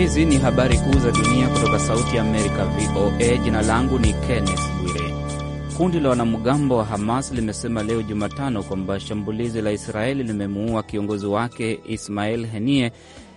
Hizi ni habari kuu za dunia kutoka Sauti ya Amerika, VOA. Jina langu ni Kenneth Bwire. Kundi la wanamgambo wa Hamas limesema leo Jumatano kwamba shambulizi la Israeli limemuua kiongozi wake Ismail Henie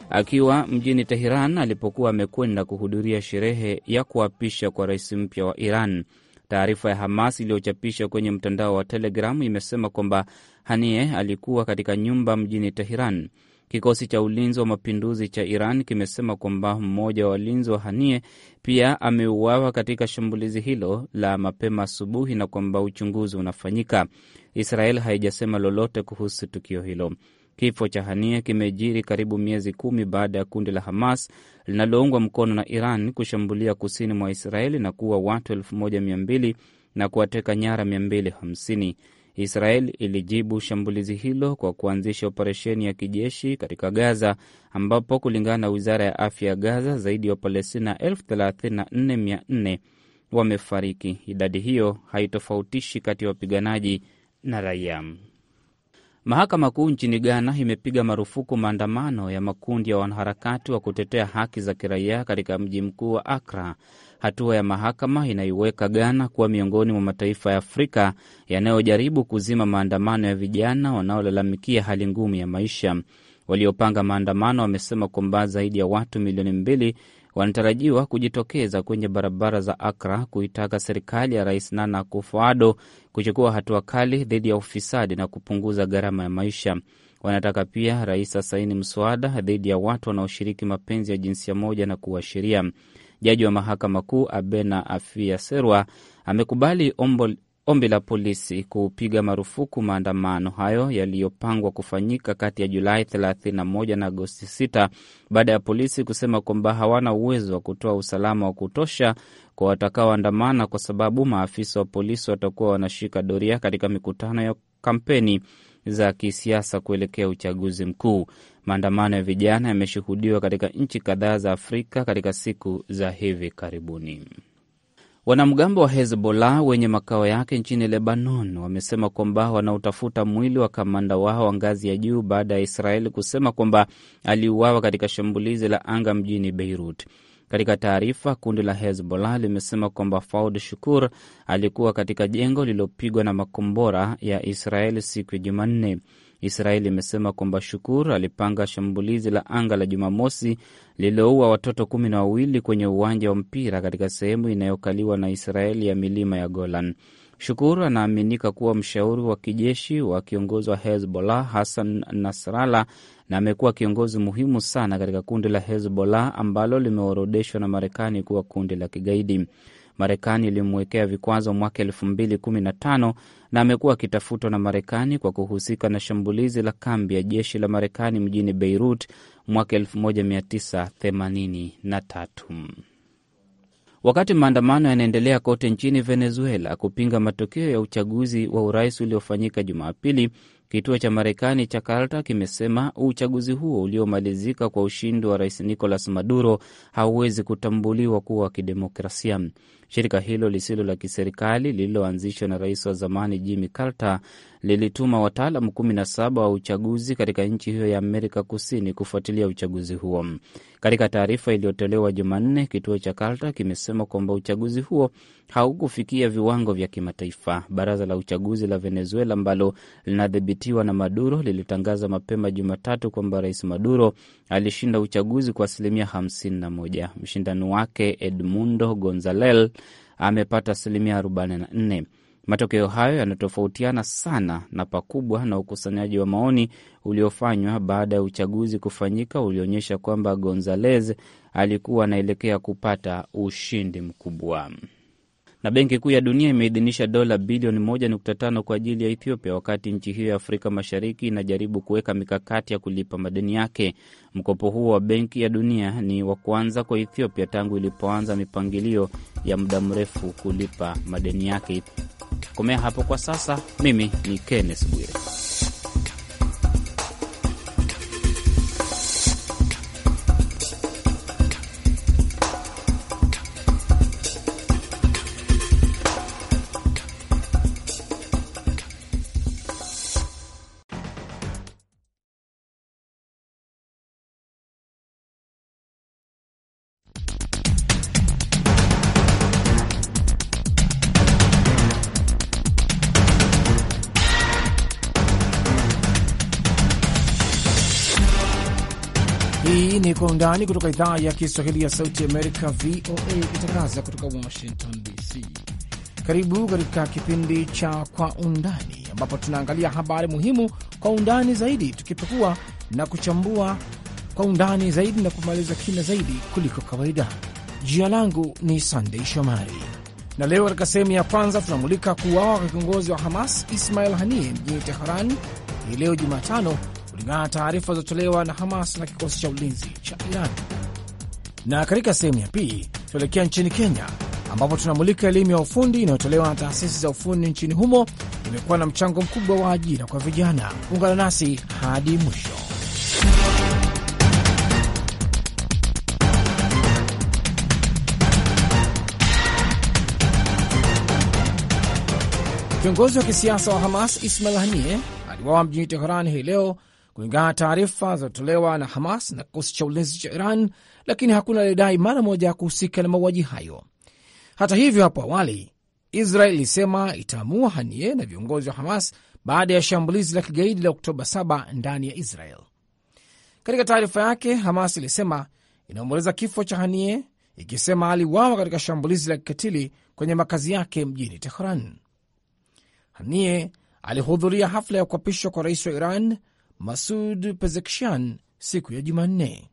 akiwa mjini Teheran alipokuwa amekwenda kuhudhuria sherehe ya kuapisha kwa rais mpya wa Iran. Taarifa ya Hamas iliyochapishwa kwenye mtandao wa Telegramu imesema kwamba Hanie alikuwa katika nyumba mjini Teheran. Kikosi cha ulinzi wa mapinduzi cha Iran kimesema kwamba mmoja wa walinzi wa Hanie pia ameuawa katika shambulizi hilo la mapema asubuhi na kwamba uchunguzi unafanyika. Israel haijasema lolote kuhusu tukio hilo. Kifo cha Hanie kimejiri karibu miezi kumi baada ya kundi la Hamas linaloungwa mkono na Iran kushambulia kusini mwa Israeli na kuua watu 1200 na kuwateka nyara 250. Israel ilijibu shambulizi hilo kwa kuanzisha operesheni ya kijeshi katika Gaza, ambapo kulingana na wizara ya afya ya Gaza, zaidi ya Wapalestina 34,400 wamefariki. Idadi hiyo haitofautishi kati ya wapiganaji na raia. Mahakama Kuu nchini Ghana imepiga marufuku maandamano ya makundi ya wanaharakati wa kutetea haki za kiraia katika mji mkuu wa Akra hatua ya mahakama inaiweka Ghana kuwa miongoni mwa mataifa ya Afrika yanayojaribu kuzima maandamano ya vijana wanaolalamikia hali ngumu ya maisha. Waliopanga maandamano wamesema kwamba zaidi ya watu milioni mbili wanatarajiwa kujitokeza kwenye barabara za Akra kuitaka serikali ya Rais Nana Akufo-Addo kuchukua hatua kali dhidi ya ufisadi na kupunguza gharama ya maisha. Wanataka pia rais asaini mswada dhidi ya watu wanaoshiriki mapenzi ya jinsia moja na kuwa sheria. Jaji wa mahakama kuu Abena Afia Serwa amekubali ombi la polisi kupiga marufuku maandamano hayo yaliyopangwa kufanyika kati ya Julai 31 na Agosti 6 baada ya polisi kusema kwamba hawana uwezo wa kutoa usalama wa kutosha kwa watakaoandamana kwa sababu maafisa wa polisi watakuwa wanashika doria katika mikutano ya kampeni za kisiasa kuelekea uchaguzi mkuu. Maandamano ya vijana yameshuhudiwa katika nchi kadhaa za Afrika katika siku za hivi karibuni. Wanamgambo wa Hezbollah wenye makao yake nchini Lebanon wamesema kwamba wanaotafuta mwili wa kamanda wao wa ngazi ya juu baada ya Israeli kusema kwamba aliuawa katika shambulizi la anga mjini Beirut. Katika taarifa, kundi la Hezbollah limesema kwamba Faud Shukur alikuwa katika jengo lililopigwa na makombora ya Israeli siku ya Jumanne. Israeli imesema kwamba Shukur alipanga shambulizi la anga la Jumamosi lililoua watoto kumi na wawili kwenye uwanja wa mpira katika sehemu inayokaliwa na Israeli ya milima ya Golan. Shukur anaaminika kuwa mshauri wa kijeshi wa kiongozi wa Hezbollah Hassan Nasrallah na amekuwa kiongozi muhimu sana katika kundi la Hezbollah ambalo limeorodeshwa na Marekani kuwa kundi la kigaidi. Marekani ilimwekea vikwazo mwaka 2015 na amekuwa akitafutwa na Marekani kwa kuhusika na shambulizi la kambi ya jeshi la Marekani mjini Beirut mwaka 1983. Wakati maandamano yanaendelea kote nchini Venezuela kupinga matokeo ya uchaguzi wa urais uliofanyika Jumapili, kituo cha Marekani cha Carter kimesema uchaguzi huo uliomalizika kwa ushindi wa rais Nicolas Maduro hauwezi kutambuliwa kuwa wa kidemokrasia. Shirika hilo lisilo la kiserikali lililoanzishwa na rais wa zamani Jimmy Carter lilituma wataalamu 17 wa uchaguzi katika nchi hiyo ya Amerika Kusini kufuatilia uchaguzi huo. Katika taarifa iliyotolewa Jumanne, kituo cha Carter kimesema kwamba uchaguzi huo haukufikia viwango vya kimataifa. Baraza la uchaguzi la Venezuela ambalo linadhibitiwa na Maduro lilitangaza mapema Jumatatu kwamba rais Maduro alishinda uchaguzi kwa asilimia 51. Mshindani wake Edmundo Gonzalez amepata asilimia 44. Matokeo hayo yanatofautiana sana na pakubwa na ukusanyaji wa maoni uliofanywa baada ya uchaguzi kufanyika ulionyesha kwamba Gonzalez alikuwa anaelekea kupata ushindi mkubwa. Na Benki Kuu ya Dunia imeidhinisha dola bilioni 1.5 kwa ajili ya Ethiopia wakati nchi hiyo ya Afrika Mashariki inajaribu kuweka mikakati ya kulipa madeni yake. Mkopo huo wa Benki ya Dunia ni wa kwanza kwa Ethiopia tangu ilipoanza mipangilio ya muda mrefu kulipa madeni yake. Komea hapo kwa sasa. Mimi ni Kenneth Bwire. undani kutoka idhaa ya Kiswahili ya Sauti Amerika, VOA, ikitangaza kutoka Washington DC. Karibu katika kipindi cha Kwa Undani, ambapo tunaangalia habari muhimu kwa undani zaidi, tukipekua na kuchambua kwa undani zaidi na kumaliza kina zaidi kuliko kawaida. Jina langu ni Sandei Shomari, na leo katika sehemu ya kwanza tunamulika kuuawa kwa kiongozi wa Hamas Ismail Hanie mjini Teheran hii leo Jumatano kulingana na taarifa zilizotolewa na Hamas na kikosi cha ulinzi cha Iran. Na katika sehemu ya pili tuelekea nchini Kenya, ambapo tunamulika elimu ya ufundi inayotolewa na taasisi za ufundi nchini humo. Imekuwa na mchango mkubwa wa ajira kwa vijana. Ungana nasi hadi mwisho. Kiongozi wa kisiasa wa Hamas Ismail Hanie aliwawa mjini teherani hii leo kulingana na taarifa zilizotolewa na Hamas na kikosi cha ulinzi cha Iran, lakini hakuna alidai mara moja ya kuhusika na mauaji hayo. Hata hivyo, hapo awali Israel ilisema itaamua Hanie na viongozi wa Hamas baada ya shambulizi la kigaidi la Oktoba 7 ndani ya Israel. Katika taarifa yake, Hamas ilisema inaomboleza kifo cha Hanie, ikisema aliwawa katika shambulizi la kikatili kwenye makazi yake mjini Tehran. Hanie alihudhuria hafla ya kuapishwa kwa rais wa Iran Masud Pezekshan siku ya Jumanne.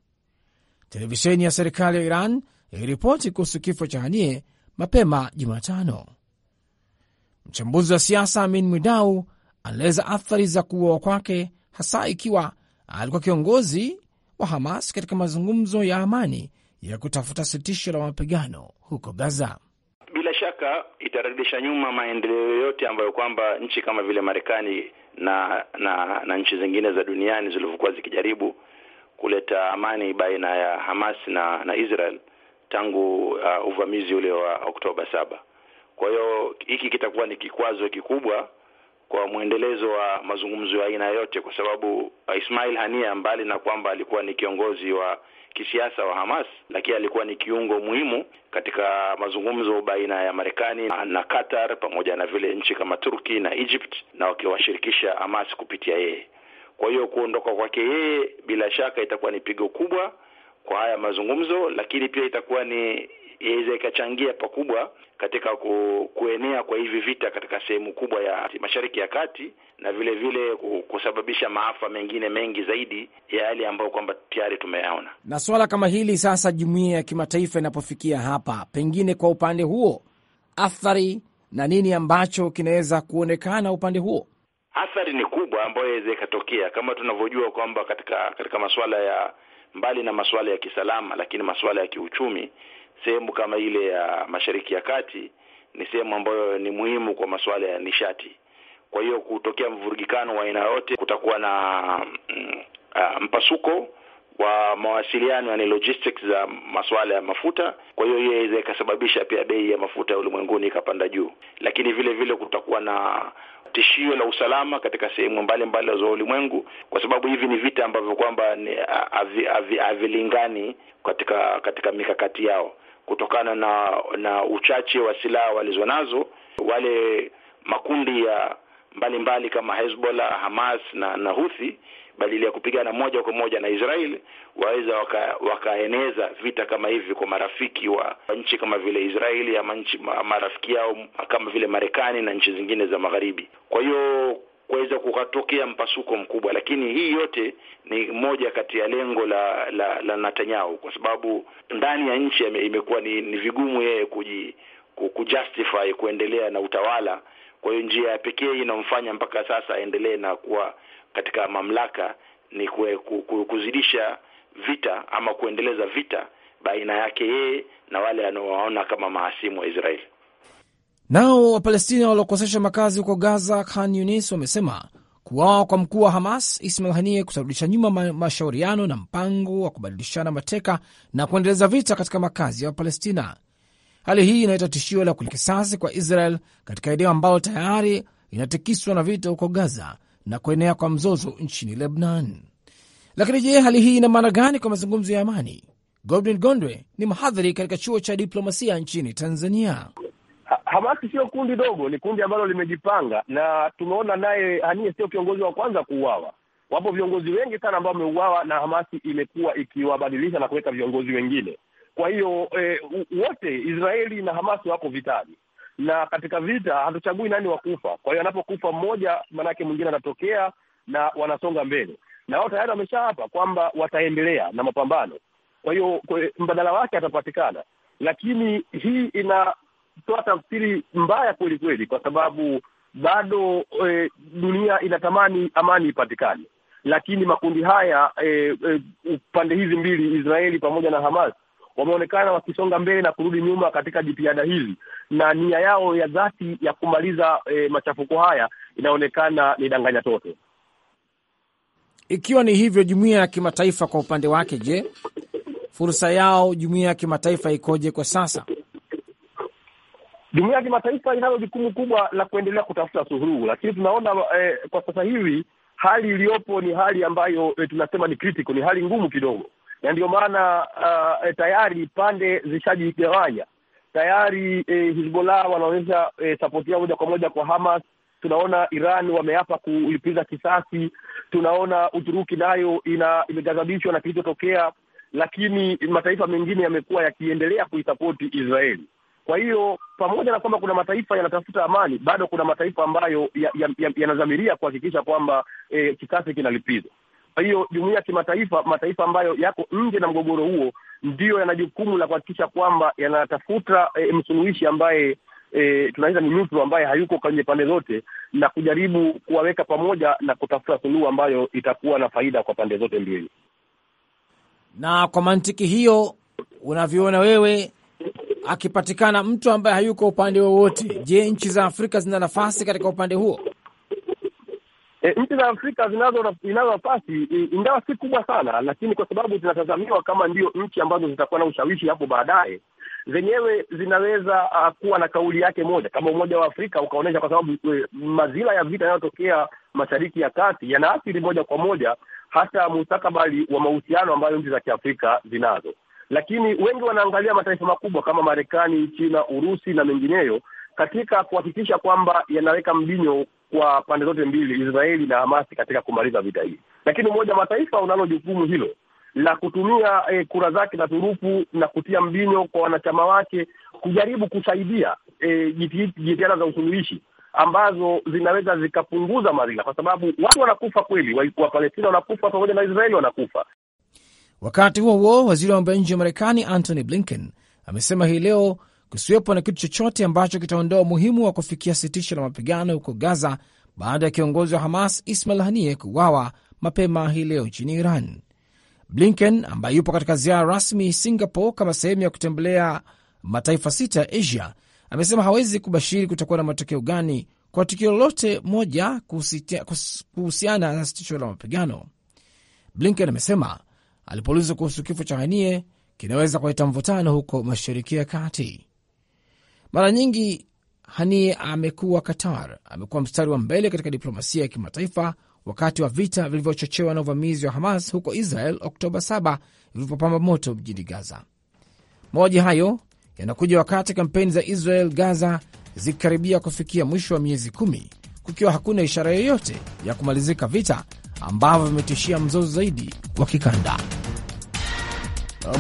Televisheni ya serikali ya Iran iliripoti kuhusu kifo cha Hanie mapema Jumatano. Mchambuzi wa siasa Amin Mwidau anaeleza athari za kuuawa kwake, hasa ikiwa alikuwa kiongozi wa Hamas katika mazungumzo ya amani ya kutafuta sitisho la mapigano huko Gaza. Bila shaka itarudisha nyuma maendeleo yote ambayo kwamba nchi kama vile Marekani na na, na nchi zingine za duniani zilivyokuwa zikijaribu kuleta amani baina ya Hamas na na Israel tangu uh, uvamizi ule wa Oktoba saba. Kwa hiyo hiki kitakuwa ni kikwazo kikubwa kwa mwendelezo wa mazungumzo ya aina yote, kwa sababu uh, Ismail Hania mbali na kwamba alikuwa ni kiongozi wa kisiasa wa Hamas, lakini alikuwa ni kiungo muhimu katika mazungumzo baina ya Marekani na Qatar pamoja na vile nchi kama Turki na Egypt, na wakiwashirikisha Hamas kupitia yeye. Kwa hiyo kuondoka kwake yeye bila shaka itakuwa ni pigo kubwa kwa haya mazungumzo, lakini pia itakuwa ni iweze ikachangia pakubwa katika ku, kuenea kwa hivi vita katika sehemu kubwa ya Mashariki ya Kati na vile vile kusababisha maafa mengine mengi zaidi ya yale ambayo kwamba tayari tumeyaona. Na swala kama hili sasa, jumuiya ya kimataifa inapofikia hapa, pengine kwa upande huo athari na nini ambacho kinaweza kuonekana upande huo? Athari ni kubwa ambayo iweze ikatokea, kama tunavyojua kwamba katika katika masuala ya mbali na masuala ya kisalama, lakini masuala ya kiuchumi sehemu kama ile ya Mashariki ya Kati ni sehemu ambayo ni muhimu kwa masuala ya nishati. Kwa hiyo kutokea mvurugikano wa aina yote, kutakuwa na mm, ah, mpasuko wa mawasiliano, yani logistics za masuala ya mafuta. Kwa hiyo hiyo iweza ikasababisha pia bei ya mafuta ya ulimwenguni ikapanda juu, lakini vile vile kutakuwa na tishio la usalama katika sehemu mbalimbali za ulimwengu, kwa sababu hivi ni vita ambavyo kwamba ah, havilingani katika katika mikakati yao kutokana na na uchache wa silaha walizonazo wale makundi ya mbalimbali mbali kama Hezbollah, Hamas na na huthi badili ya kupigana moja kwa moja na Israeli waweza waka, wakaeneza vita kama hivi kwa marafiki wa nchi kama vile Israeli ama nchi marafiki yao kama vile Marekani na nchi zingine za Magharibi. Kwa hiyo kuweza kukatokea mpasuko mkubwa, lakini hii yote ni moja kati ya lengo la la, la Netanyahu kwa sababu ndani ya nchi imekuwa ni, ni vigumu yeye kuji kujustify kuendelea na utawala. Kwa hiyo njia ya pekee inamfanya mpaka sasa aendelee na kuwa katika mamlaka ni kwe, ku, kuzidisha vita ama kuendeleza vita baina yake yeye na wale anaowaona kama mahasimu wa Israeli. Nao Wapalestina waliokosesha makazi huko Gaza, Khan Yunis, wamesema kuwawa kwa mkuu wa Hamas Ismail Hanie kutarudisha nyuma ma mashauriano na mpango wa kubadilishana mateka na kuendeleza vita katika makazi ya Wapalestina. Hali hii inaleta tishio la kisasi kwa Israel katika eneo ambalo tayari inatikiswa na vita huko Gaza na kuenea kwa mzozo nchini Lebanon. Lakini je, hali hii ina maana gani kwa mazungumzo ya amani? Godwin Gondwe ni mhadhiri katika chuo cha diplomasia nchini Tanzania ha, Hamasi sio kundi dogo, ni kundi ambalo limejipanga, na tumeona naye Hania sio kiongozi wa kwanza kuuawa. Wapo viongozi wengi sana ambao wameuawa, na Hamasi imekuwa ikiwabadilisha na kuweka viongozi wengine. Kwa hiyo eh, wote Israeli na Hamasi wako vitani, na katika vita hatuchagui nani wakufa. Kwa hiyo anapokufa mmoja, maanake mwingine anatokea na wanasonga mbele, na wao tayari wamesha hapa kwamba wataendelea na mapambano. Kwa hiyo mbadala wake atapatikana, lakini hii ina kutoa tafsiri mbaya kweli kweli, kwa sababu bado e, dunia inatamani amani ipatikane, lakini makundi haya e, e, upande hizi mbili, Israeli pamoja na Hamas wameonekana wakisonga mbele na kurudi nyuma katika jitihada hizi, na nia yao ya dhati ya kumaliza e, machafuko haya inaonekana ni danganya toto. Ikiwa ni hivyo, jumuiya ya kimataifa kwa upande wake, je, fursa yao jumuiya ya kimataifa ikoje kwa sasa? jumuia ya kimataifa inalo jukumu kubwa la kuendelea kutafuta suluhu, lakini tunaona eh, kwa sasa hivi hali iliyopo ni hali ambayo eh, tunasema ni critical, ni hali ngumu kidogo, na ndio maana uh, eh, tayari pande zishajigawanya tayari. Eh, Hizbollah wanaonyesha eh, sapoti yao moja kwa moja kwa Hamas. Tunaona Iran wameapa kulipiza kisasi. Tunaona Uturuki nayo ina imeghadhabishwa na kilichotokea, lakini mataifa mengine yamekuwa yakiendelea kuisapoti Israeli. Kwa hiyo pamoja na kwamba kuna mataifa yanatafuta amani, bado kuna mataifa ambayo yanadhamiria ya, ya kuhakikisha kwamba eh, kisasi kinalipizwa. Kwa hiyo jumuia ya kimataifa, mataifa ambayo yako nje na mgogoro huo, ndiyo yana jukumu la kuhakikisha kwamba yanatafuta eh, msuluhishi ambaye E, tunaweza ni neutral ambaye hayuko kwenye pande zote na kujaribu kuwaweka pamoja na kutafuta suluhu ambayo itakuwa na faida kwa pande zote mbili. Na kwa mantiki hiyo, unavyoona wewe, akipatikana mtu ambaye hayuko upande wowote, je, nchi za Afrika zina nafasi katika upande huo? E, nchi za Afrika zinazo nafasi ingawa si kubwa sana, lakini kwa sababu zinatazamiwa kama ndio nchi ambazo zitakuwa na ushawishi hapo baadaye, zenyewe zinaweza uh, kuwa na kauli yake moja kama Umoja wa Afrika ukaonyesha, kwa sababu e, mazila ya vita yanayotokea Mashariki ya Kati yanaathiri moja kwa moja hata mustakabali wa mahusiano ambayo nchi za Kiafrika zinazo lakini wengi wanaangalia mataifa makubwa kama Marekani, China, Urusi na mengineyo katika kuhakikisha kwamba yanaweka mbinyo kwa pande zote mbili, Israeli na Hamasi, katika kumaliza vita hii. Lakini Umoja wa Mataifa unalo jukumu hilo la kutumia eh, kura zake na turufu na kutia mbinyo kwa wanachama wake kujaribu kusaidia eh, jitihada za usuluhishi ambazo zinaweza zikapunguza madhila, kwa sababu watu wanakufa kweli, Wapalestina wanakufa pamoja na Israeli wanakufa, Wakati huo huo, waziri wa mambo ya nje wa Marekani Antony Blinken amesema hii leo kusiwepo na kitu chochote ambacho kitaondoa umuhimu wa kufikia sitisho la mapigano huko Gaza baada ya kiongozi wa Hamas Ismail Haniyeh kuuawa mapema hii leo nchini Iran. Blinken ambaye yupo katika ziara rasmi Singapore kama sehemu ya kutembelea mataifa sita ya Asia amesema hawezi kubashiri kutakuwa na matokeo gani kwa tukio lolote moja kuhusiana na sitisho la mapigano. Blinken amesema alipoulizwa kuhusu kifo cha Hanie kinaweza kuleta mvutano huko Mashariki ya Kati. Mara nyingi Hanie amekuwa Qatar, amekuwa mstari wa mbele katika diplomasia ya kimataifa wakati wa vita vilivyochochewa na uvamizi wa Hamas huko Israel Oktoba 7 vilivyopamba moto mjini Gaza. Mauaji hayo yanakuja wakati kampeni za Israel Gaza zikikaribia kufikia mwisho wa miezi kumi, kukiwa hakuna ishara yoyote ya kumalizika vita ambavyo vimetishia mzozo zaidi wa kikanda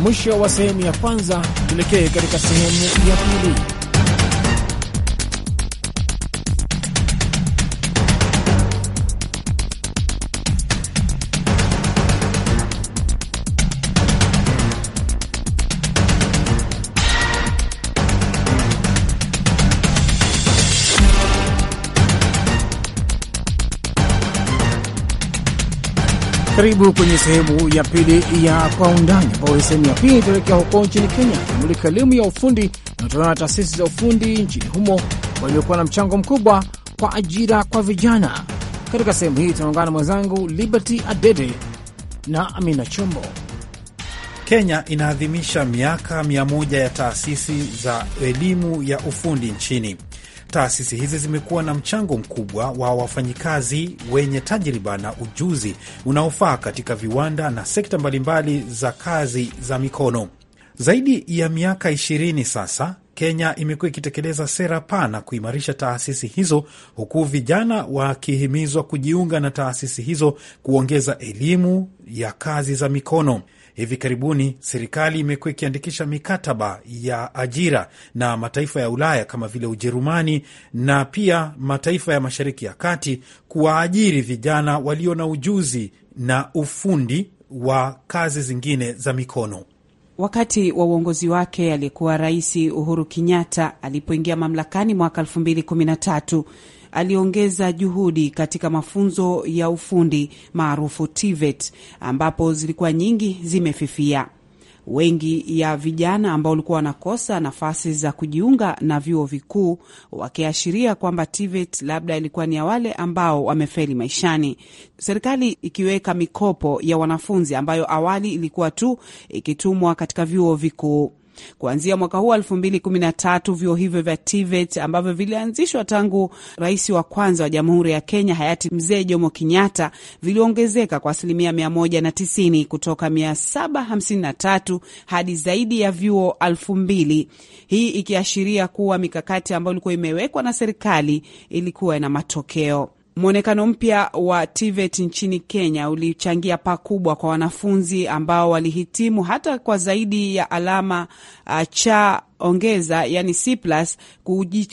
mwisho wa sehemu ya kwanza. Tuelekee katika sehemu ya pili. Karibu kwenye sehemu ya pili ya Kwa Undani, ambayo sehemu ya pili itaelekea huko nchini Kenya kumulika elimu ya ufundi inatolewa na taasisi za ufundi nchini humo waliokuwa na mchango mkubwa kwa ajira kwa vijana. Katika sehemu hii tunaungana na mwenzangu Liberty Adede na Amina Chombo. Kenya inaadhimisha miaka mia moja ya taasisi za elimu ya ufundi nchini. Taasisi hizi zimekuwa na mchango mkubwa wa wafanyikazi wenye tajriba na ujuzi unaofaa katika viwanda na sekta mbalimbali za kazi za mikono. Zaidi ya miaka ishirini sasa Kenya imekuwa ikitekeleza sera pana kuimarisha taasisi hizo, huku vijana wakihimizwa kujiunga na taasisi hizo, kuongeza elimu ya kazi za mikono. Hivi karibuni serikali imekuwa ikiandikisha mikataba ya ajira na mataifa ya Ulaya kama vile Ujerumani na pia mataifa ya Mashariki ya Kati kuwaajiri vijana walio na ujuzi na ufundi wa kazi zingine za mikono. Wakati wa uongozi wake aliyekuwa Rais Uhuru Kenyatta alipoingia mamlakani mwaka 2013 aliongeza juhudi katika mafunzo ya ufundi maarufu TVET ambapo zilikuwa nyingi zimefifia. Wengi ya vijana ambao walikuwa wanakosa nafasi za kujiunga na vyuo vikuu wakiashiria kwamba TVET labda ilikuwa ni ya wale ambao wamefeli maishani, serikali ikiweka mikopo ya wanafunzi ambayo awali ilikuwa tu ikitumwa katika vyuo vikuu. Kuanzia mwaka huu tatu vyuo hivyo vya TVET e ambavyo vilianzishwa tangu rais wa kwanza wa Jamhuri ya Kenya hayati Mzee Jomo Kenyatta viliongezeka kwa asilimia tisini kutoka 753 hadi zaidi ya vyuo mbili hii ikiashiria kuwa mikakati ambayo ilikuwa imewekwa na serikali ilikuwa na matokeo. Mwonekano mpya wa TVET nchini Kenya ulichangia pakubwa kwa wanafunzi ambao walihitimu hata kwa zaidi ya alama uh, cha ongeza yani C+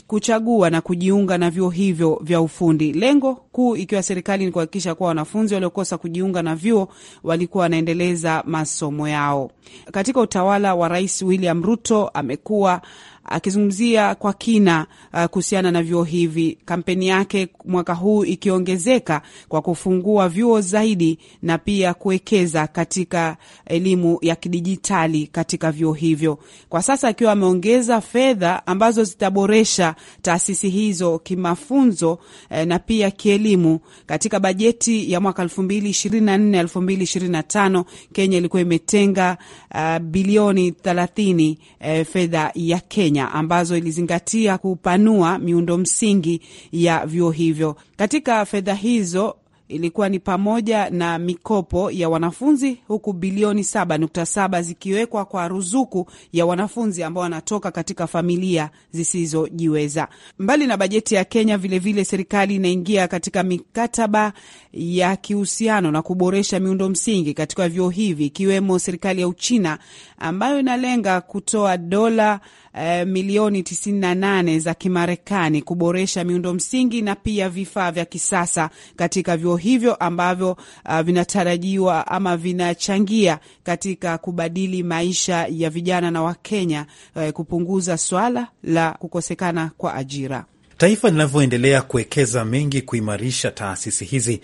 kuchagua na kujiunga na vyuo hivyo vya ufundi, lengo kuu ikiwa serikali ni kuhakikisha kuwa wanafunzi waliokosa kujiunga na vyuo walikuwa wanaendeleza masomo yao. Katika utawala wa Rais William Ruto amekuwa akizungumzia kwa kina uh, kuhusiana na vyuo hivi, kampeni yake mwaka huu ikiongezeka kwa kufungua vyuo zaidi na pia kuwekeza katika elimu ya kidijitali katika vyuo hivyo, kwa sasa akiwa ameongeza fedha ambazo zitaboresha taasisi hizo kimafunzo eh, na pia kielimu. Katika bajeti ya mwaka 2024 2025 Kenya ilikuwa imetenga uh, bilioni 30 eh, fedha ya Kenya Kenya ambazo ilizingatia kupanua miundo msingi ya vyuo hivyo. Katika fedha hizo ilikuwa ni pamoja na mikopo ya wanafunzi huku bilioni 7.7 zikiwekwa kwa ruzuku ya wanafunzi ambao wanatoka katika familia zisizojiweza. Mbali na bajeti ya Kenya, vilevile vile serikali inaingia katika mikataba ya kihusiano na kuboresha miundo msingi katika vyuo hivi, ikiwemo serikali ya Uchina ambayo inalenga kutoa dola Eh, milioni 98 za Kimarekani kuboresha miundo msingi na pia vifaa vya kisasa katika vyuo hivyo ambavyo uh, vinatarajiwa ama vinachangia katika kubadili maisha ya vijana na Wakenya uh, kupunguza swala la kukosekana kwa ajira. Taifa linavyoendelea kuwekeza mengi kuimarisha taasisi hizi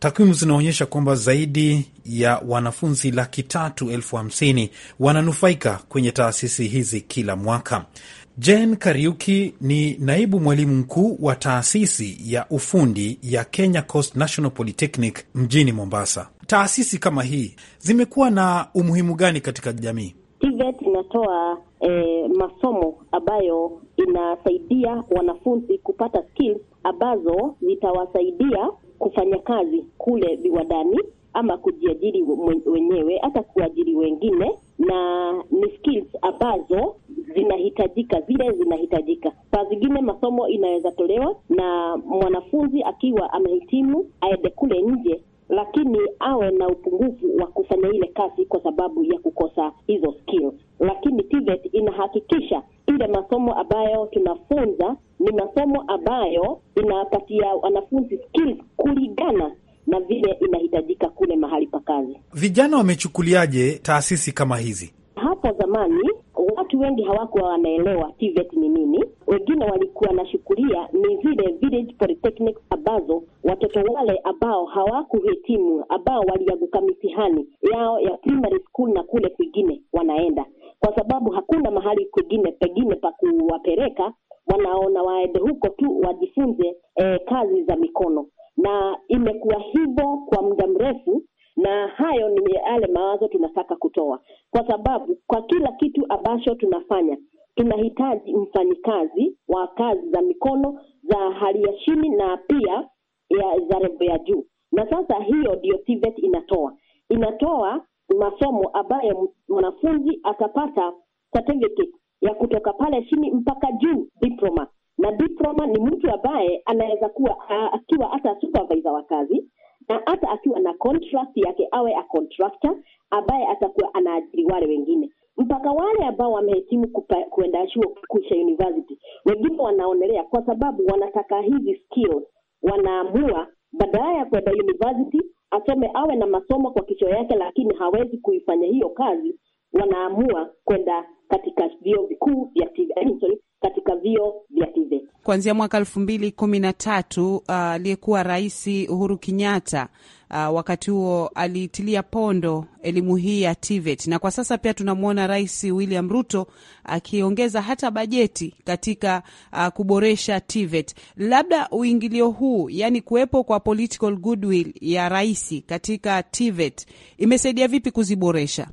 Takwimu zinaonyesha kwamba zaidi ya wanafunzi laki tatu elfu hamsini wananufaika kwenye taasisi hizi kila mwaka. Jane Kariuki ni naibu mwalimu mkuu wa taasisi ya ufundi ya Kenya Coast National Polytechnic mjini Mombasa. Taasisi kama hii zimekuwa na umuhimu gani katika jamii? TVET inatoa eh, masomo ambayo inasaidia wanafunzi kupata skills ambazo zitawasaidia kufanya kazi kule viwandani ama kujiajiri wenyewe, hata kuajiri wengine, na ni skills ambazo zinahitajika, zile zinahitajika. Saa zingine masomo inaweza tolewa na mwanafunzi akiwa amehitimu aende kule nje lakini awe na upungufu wa kufanya ile kazi kwa sababu ya kukosa hizo skills. Lakini TVET inahakikisha ile masomo ambayo tunafunza ni masomo ambayo inapatia wanafunzi skills kulingana na vile inahitajika kule mahali pa kazi. Vijana wamechukuliaje taasisi kama hizi? Hapo zamani wengi hawakuwa wanaelewa TVET ni nini. Wengine walikuwa nashukulia ni vile village polytechnics ambazo watoto wale ambao hawakuhitimu ambao walianguka mitihani yao ya primary school na kule kwingine wanaenda, kwa sababu hakuna mahali kwingine pengine pa kuwapeleka, wanaona waende huko tu wajifunze eh, kazi za mikono na imekuwa hivyo kwa muda mrefu na hayo ni yale mawazo tunataka kutoa, kwa sababu kwa kila kitu ambacho tunafanya tunahitaji mfanyikazi wa kazi za mikono za hali ya chini na pia ya, za levo ya juu. Na sasa hiyo ndio TVET inatoa, inatoa masomo ambayo mwanafunzi atapata certificate ya kutoka pale chini mpaka juu, diploma. Na diploma ni mtu ambaye anaweza kuwa akiwa hata supervisor wa kazi na hata akiwa na contract yake awe a contractor ambaye atakuwa anaajiri wale wengine mpaka wale ambao wamehitimu kuenda chuo kikuu cha university, wengine wanaonelea kwa sababu wanataka hizi skills, wanaamua badala ya kwenda university asome awe na masomo kwa kichwa yake, lakini hawezi kuifanya hiyo kazi, wanaamua kwenda katika vio vikuu vya katika vio vya kuanzia mwaka elfu mbili kumi na tatu uh, aliyekuwa uh, Rais Uhuru Kenyatta uh, wakati huo alitilia pondo elimu hii ya TVET, na kwa sasa pia tunamwona Rais William Ruto akiongeza uh, hata bajeti katika uh, kuboresha TVET. Labda uingilio huu, yani kuwepo kwa political goodwill ya rais katika TVET imesaidia vipi kuziboresha?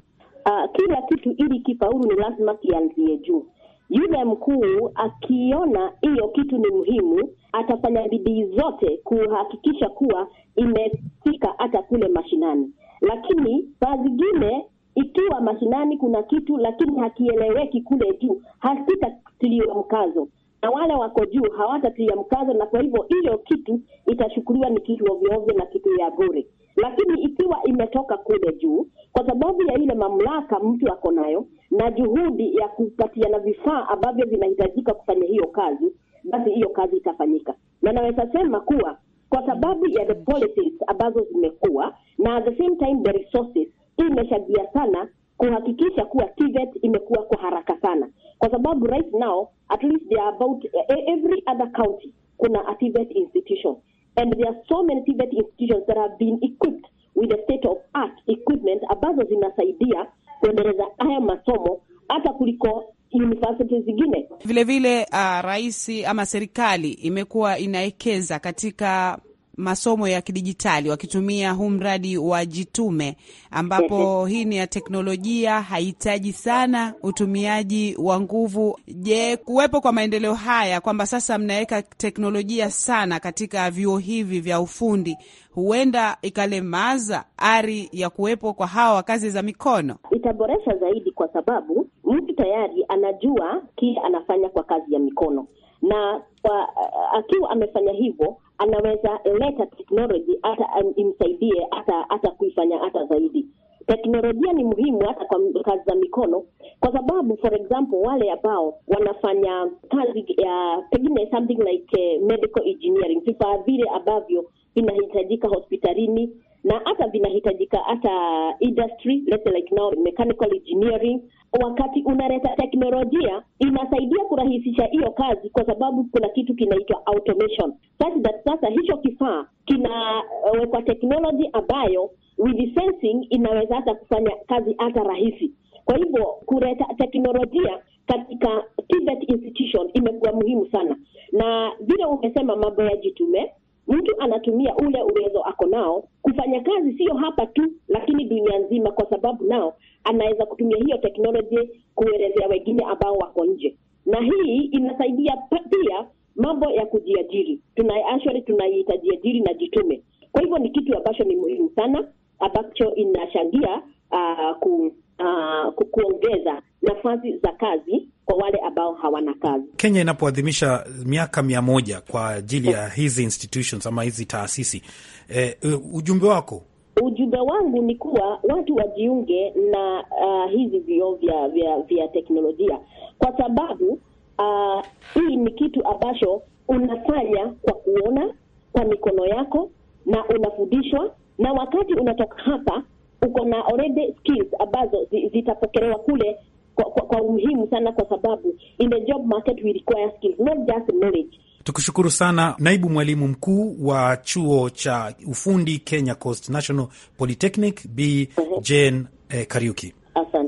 Uh, kila kitu ili kifaulu ni lazima kianzie juu yule mkuu akiona hiyo kitu ni muhimu, atafanya bidii zote kuhakikisha kuwa imefika hata kule mashinani. Lakini saa zingine ikiwa mashinani kuna kitu lakini hakieleweki kule juu, hakitatiliwa mkazo na wale wako juu hawatatilia mkazo, na kwa hivyo hiyo kitu itashukuliwa ni kitu ovyoovyo na kitu ya bure. Lakini ikiwa imetoka kule juu, kwa sababu ya ile mamlaka mtu ako nayo, na juhudi ya kupatiana vifaa ambavyo vinahitajika kufanya hiyo kazi, basi hiyo kazi itafanyika, na naweza sema kuwa kwa sababu ya the policies ambazo zimekuwa na at the same time the resources, imeshagia sana kuhakikisha kuwa TVET imekuwa kwa haraka sana, kwa sababu right now at least they are about eh, every other county kuna a TVET institution and there are so many TVET institutions that have been equipped with the state of art equipment ambazo zinasaidia kuendeleza haya masomo hata kuliko university zingine. Vilevile uh, ah, rais ama serikali imekuwa inaekeza katika masomo ya kidijitali wakitumia huu mradi wa Jitume, ambapo mhm. hii ni ya teknolojia, haihitaji sana utumiaji wa nguvu. Je, kuwepo kwa maendeleo haya kwamba sasa mnaweka teknolojia sana katika vyuo hivi vya ufundi huenda ikalemaza ari ya kuwepo kwa hawa kazi za mikono? Itaboresha zaidi, kwa sababu mtu tayari anajua kile anafanya kwa kazi ya mikono na kwa, eh, akiwa amefanya hivyo anaweza leta teknoloji hata imsaidie hata hata kuifanya hata zaidi. Teknolojia ni muhimu hata kwa kazi za mikono, kwa sababu for example wale ambao wanafanya kazi ya pengine something like uh, medical engineering, vifaa vile ambavyo vinahitajika hospitalini na hata vinahitajika hata industry let's like now mechanical engineering. Wakati unaleta teknolojia inasaidia kurahisisha hiyo kazi, kwa sababu kuna kitu kinaitwa automation such that sasa hicho kifaa kinawekwa teknoloji ambayo with sensing inaweza hata kufanya kazi hata rahisi. Kwa hivyo kuleta teknolojia katika TVET institution imekuwa muhimu sana, na vile umesema mambo ya jitume, mtu anatumia ule uwezo ako nao mfanya kazi sio hapa tu, lakini dunia nzima, kwa sababu nao anaweza kutumia hiyo teknoloji kuelezea wengine ambao wako nje, na hii inasaidia pia mambo ya kujiajiri. Tuna actually tunaita jiajiri na jitume. Kwa hivyo ni kitu ambacho ni muhimu sana ambacho inashangia uh, ah, ku, uh, kuongeza nafasi za kazi kwa wale ambao hawana kazi. Kenya inapoadhimisha miaka mia moja kwa ajili ya hizi institutions ama hizi taasisi e, ujumbe wako? Ujumbe wangu ni kuwa watu wajiunge na uh, hizi vio vya, vya, vya teknolojia kwa sababu uh, hii ni kitu ambacho unafanya kwa kuona kwa mikono yako na unafundishwa, na wakati unatoka hapa uko na already skills ambazo zitapokelewa kule kwa, kwa, umuhimu sana, kwa sababu in the job market we require skills not just knowledge. Tukushukuru sana naibu mwalimu mkuu wa chuo cha ufundi Kenya Coast National Polytechnic, B uh-huh. Jane eh, Kariuki. Asante.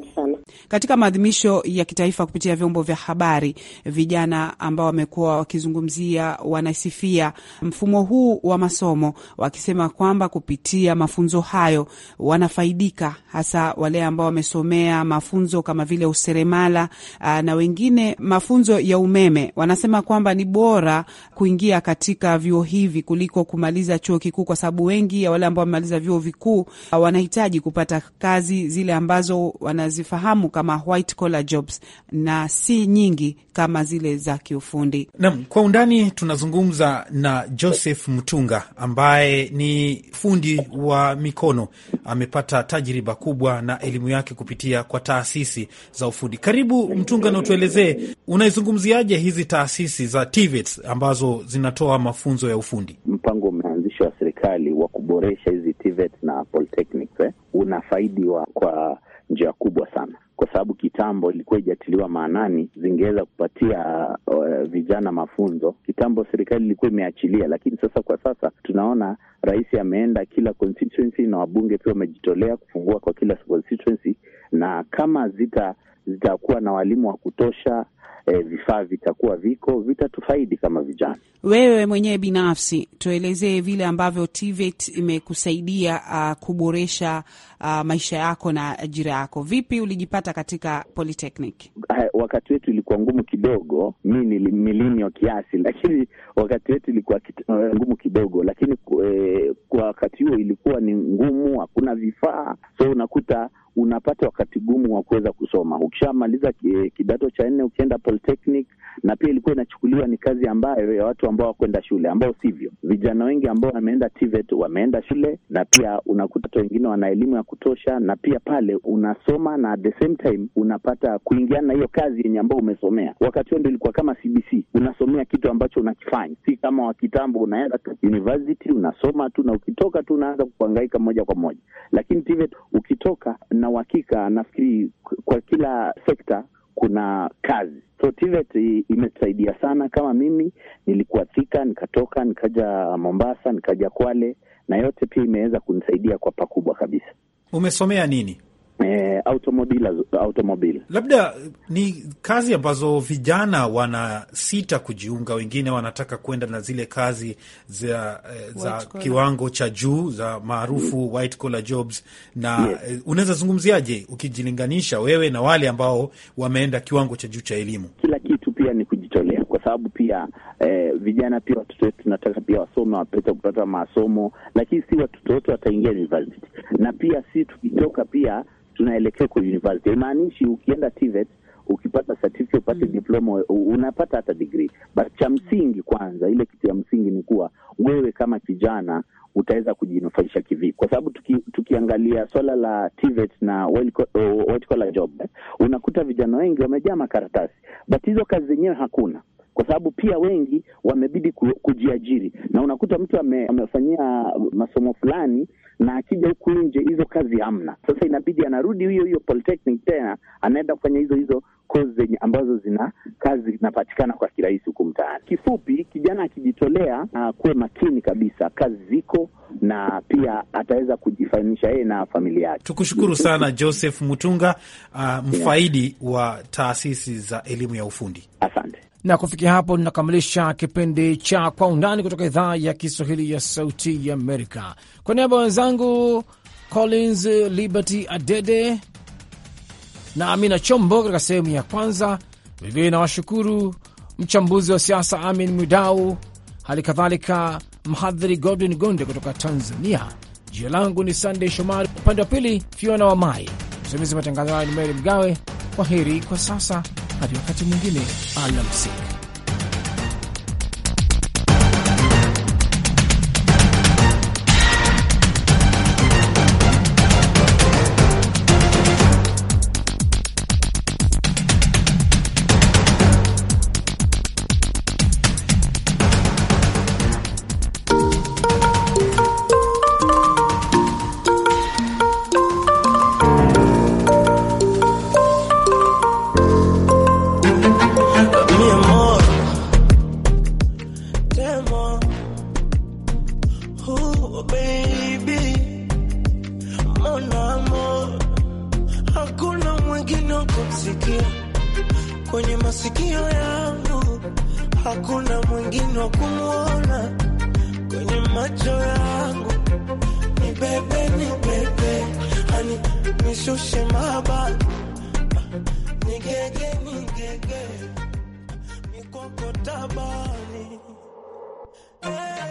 Katika maadhimisho ya kitaifa kupitia vyombo vya habari, vijana ambao wamekuwa wakizungumzia, wanasifia mfumo huu wa masomo, wakisema kwamba kupitia mafunzo hayo wanafaidika, hasa wale ambao wamesomea mafunzo kama vile useremala na wengine mafunzo ya umeme. Wanasema kwamba ni bora kuingia katika vyuo hivi kuliko kumaliza chuo kikuu, kwa sababu wengi ya wale ambao wamemaliza vyuo vikuu wanahitaji kupata kazi zile ambazo wanazifahamu kufahamu kama white collar jobs na si nyingi kama zile za kiufundi. Naam, kwa undani tunazungumza na Joseph Mtunga ambaye ni fundi wa mikono, amepata tajriba kubwa na elimu yake kupitia kwa taasisi za ufundi. Karibu Mtunga, na utuelezee unaizungumziaje hizi taasisi za TVETs ambazo zinatoa mafunzo ya ufundi. Mpango umeanzishwa wa serikali wa kuboresha hizi TVETs na polytechnics eh, unafaidiwa kwa njia kubwa sana kwa sababu kitambo ilikuwa ijatiliwa maanani, zingeweza kupatia uh, vijana mafunzo kitambo. Serikali ilikuwa imeachilia, lakini sasa kwa sasa tunaona rais ameenda kila constituency na wabunge pia wamejitolea kufungua kwa kila constituency, na kama zitakuwa zita na walimu wa kutosha e, vifaa vitakuwa viko vitatufaidi kama vijana. Wewe mwenyewe binafsi, tuelezee vile ambavyo TVET e imekusaidia uh, kuboresha uh, maisha yako na ajira yako. Vipi ulijipata katika Polytechnic? Uh, wakati wetu ilikuwa ngumu kidogo, mi ni milenial kiasi, lakini wakati wetu ilikuwa eh, ngumu kidogo, lakini eh, kwa wakati huo ilikuwa ni ngumu, hakuna vifaa, so unakuta unapata wakati gumu wa kuweza kusoma. Ukishamaliza kidato cha nne, ukienda polytechnic na pia ilikuwa inachukuliwa ni kazi ambayo ya watu ambao wakwenda shule, ambao sivyo. Vijana wengi ambao wameenda TVET wameenda shule, na pia unakuta wengine wana elimu ya kutosha, na pia pale unasoma na at the same time unapata kuingiana na hiyo kazi yenye ambao umesomea. Wakati huo ndio ilikuwa kama CBC, unasomea kitu ambacho unakifanya, si kama wakitambo unaenda university unasoma tu na ukitoka tu unaanza kuhangaika moja kwa moja, lakini TVET ukitoka na uhakika, nafikiri kwa kila sekta kuna kazi. so TVET imetusaidia sana. Kama mimi nilikuwa Thika, nikatoka nikaja Mombasa, nikaja Kwale, na yote pia imeweza kunisaidia kwa pakubwa kabisa. Umesomea nini? E, automobile, automobile labda ni kazi ambazo vijana wanasita kujiunga, wengine wanataka kwenda na zile kazi za, eh, za kiwango cha juu za maarufu mm. white collar jobs na yes. Eh, unaweza zungumziaje ukijilinganisha wewe na wale ambao wameenda kiwango cha juu cha elimu? Kila kitu pia ni kujitolea, kwa sababu pia eh, vijana pia watoto wetu tunataka pia wasome wapate kupata masomo, lakini si watoto wote wataingia university, na pia si tukitoka pia tunaelekea kwa university. Haimaanishi ukienda TVET ukipata certificate upate mm. diploma unapata hata degree, but cha msingi kwanza, ile kitu ya msingi ni kuwa wewe kama kijana utaweza kujinufaisha kivii Kwa sababu tuki, tukiangalia swala la TVET na white collar job, unakuta vijana wengi wamejaa makaratasi, but hizo kazi zenyewe hakuna kwa sababu pia wengi wamebidi kujiajiri, na unakuta mtu ame, amefanyia masomo fulani na akija huku nje hizo kazi hamna. Sasa inabidi anarudi hiyo hiyo polytechnic tena anaenda kufanya hizo hizo zenye ambazo zina kazi zinapatikana kwa kirahisi huku mtaani. Kifupi, kijana akijitolea, akuwe makini kabisa, kazi ziko na pia ataweza kujifanisha yeye na familia yake. Tukushukuru sana Joseph Mutunga, uh, mfaidi wa taasisi za elimu ya ufundi. Asante na kufikia hapo tunakamilisha kipindi cha Kwa Undani kutoka idhaa ya Kiswahili ya Sauti ya Amerika. Kwa niaba ya wenzangu Collins Liberty Adede na Amina Chombo katika sehemu ya kwanza, vilevile nawashukuru mchambuzi wa siasa Amin Mwidau, hali kadhalika mhadhiri Godwin Gonde kutoka Tanzania. Jina langu ni Sandey Shomari, upande wa pili Fiona wa Mai, msimizi matangazo hayo ni Mary Mgawe. Kwa heri kwa sasa hadi wakati mwingine, alamsik.